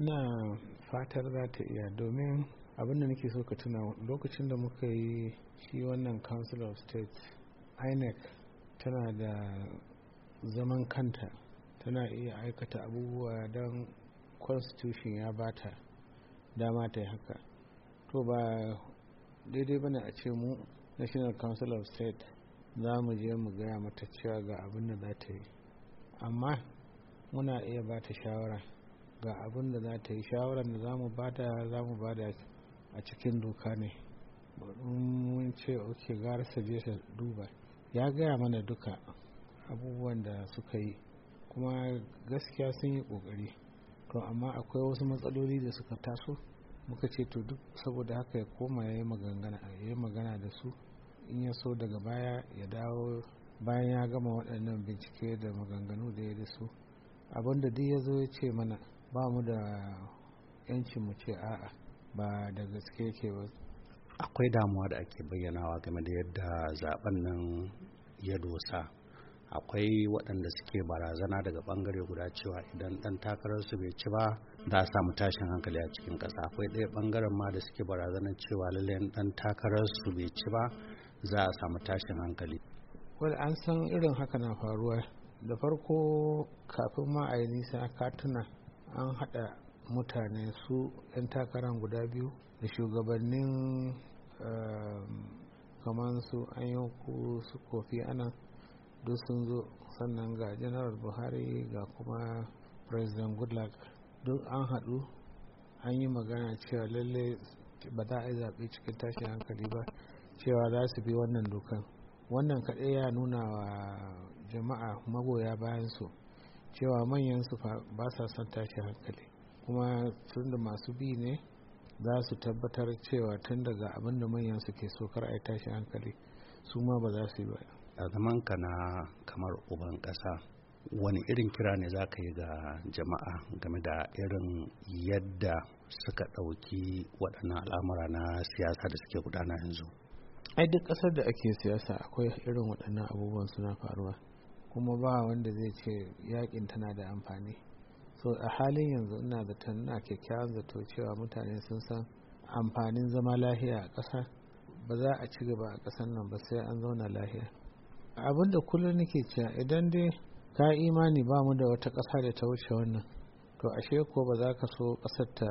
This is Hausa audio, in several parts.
ina fatar za ta iya domin abinda nake so ka tuna lokacin da muka yi shi wannan council of state inec tana da zaman kanta tana iya aikata abubuwa don constitution ya bata dama ta yi haka to ba daidai bane a ce mu national council of state za mu je mu gaya mata cewa ga abin da za ta yi amma muna iya ba ta shawara ga abin da za ta yi shawarar da za mu bada za mu bada a cikin doka ne mun ce oke gara su je su duba ya gaya mana duka abubuwan da suka yi kuma gaskiya sun yi kokari to amma akwai wasu matsaloli da suka taso muka ce to duk saboda haka ya koma ya yi magana da su in ya so daga baya ya dawo bayan ya gama waɗannan bincike da maganganu da ya da su abinda duk ya zo ya ce mana ba mu da yancin mu ce a'a ba da gaske ke ba akwai damuwa da ake bayyanawa game da yadda zaben nan ya dosa akwai waɗanda suke barazana daga ɓangare guda cewa idan ɗan takararsu bai ci ba za a samu tashin hankali a cikin ƙasa akwai ɗaya ɓangaren ma da suke barazanar cewa lallai ɗan su bai ci ba za a samu tashin hankali wani an san irin haka na faruwa da farko kafin ma a yi nisa ka tuna an haɗa mutane su 'yan takaran guda biyu da shugabannin um, kamar su an yi su kofi ana duk sun zo sannan ga janar buhari ga kuma president goodluck duk an haɗu an yi magana cewa lalle ba za a yi zaɓe cikin tashin hankali ba cewa za su bi wannan dokan wannan kaɗai ya nuna wa jama'a magoya bayan su cewa manyan su ba sa son tashin hankali kuma tun da masu bi ne za su tabbatar cewa tun daga abin da manyan su ke so kar a yi tashin hankali su ma ba za su yi ba a zaman ka na kamar uban ƙasa wani irin kira ne za ka yi ga jama'a game da irin yadda suka ɗauki waɗannan al'amura na siyasa da suke gudana yanzu ai duk ƙasar da ake siyasa akwai irin waɗannan abubuwan suna faruwa kuma ba wanda zai ce yakin tana da amfani so a halin yanzu ina zaton ina kyakkyawan zato cewa mutane sun san amfanin zama lahiya a ƙasa ba za a ci gaba a ƙasar nan ba sai an zauna lahiya abin da kullum nake cewa idan dai ka imani ba mu da wata ƙasa da ta wuce wannan to ashe ko ba za ka so ƙasar ta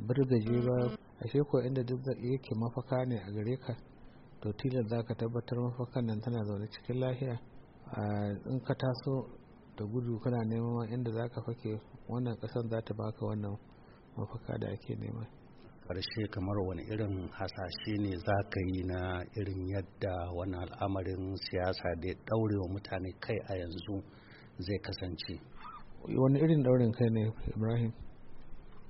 birgaje ba ashe ko inda duk yake mafaka ne a gare ka to tilas za ka tabbatar mafakan nan tana zaune cikin lahiya in ka taso da gudu kana neman inda za ka fake wannan kasan za ta baka wannan mafaka da ake nema karshe kamar wani irin hasashe ne za ka yi na irin yadda wani al'amarin siyasa da ya ɗaure wa mutane kai a yanzu zai kasance wani irin ɗaurin kai ne ibrahim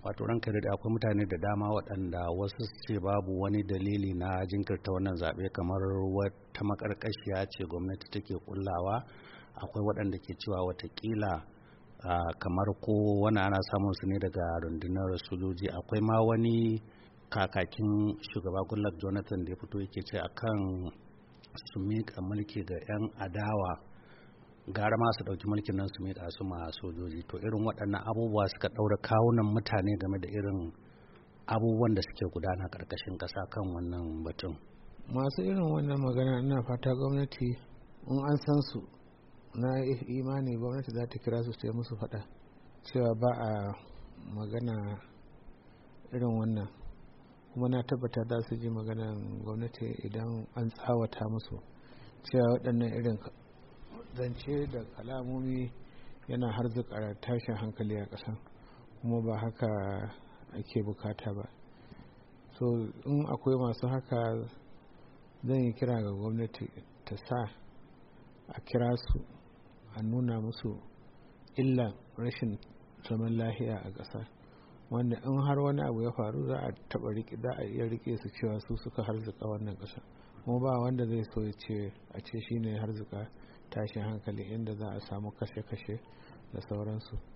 wato ranka da akwai mutane da dama waɗanda wasu ce babu wani dalili na jinkirta wannan zaɓe kamar wata makarƙashiya ce gwamnati take kullawa akwai waɗanda ke cewa watakila kamar ko wani ana samun su ne daga rundunar sojoji akwai ma wani kakakin shugaba goodluck jonathan da ya fito yake ce akan su miƙa mulki ga 'yan adawa gara ma su ɗauki mulkin nan su mai su ma sojoji to irin waɗannan abubuwa suka ɗaura kawunan mutane game da irin abubuwan da suke gudana ƙarƙashin ƙasa kan wannan batun masu irin wannan magana ina fata gwamnati in an san su na imani gwamnati za ta kira su sai musu faɗa cewa ba a magana irin wannan kuma na tabbata za su ji maganan gwamnati idan an tsawata musu cewa waɗannan irin zance da kalamomi yana harzuka tashin hankali a ƙasa kuma ba haka ake bukata ba so in akwai masu haka zan yi kira ga gwamnati ta sa a kira su a nuna musu illa rashin zaman lahiya a ƙasa wanda in har wani abu ya faru za a taɓa riƙe za a iya riƙe su cewa su suka harzuka wannan ƙasa kuma ba wanda zai so ya ce a ce shine harzuka tashin hankali inda za a samu kashe-kashe da sauransu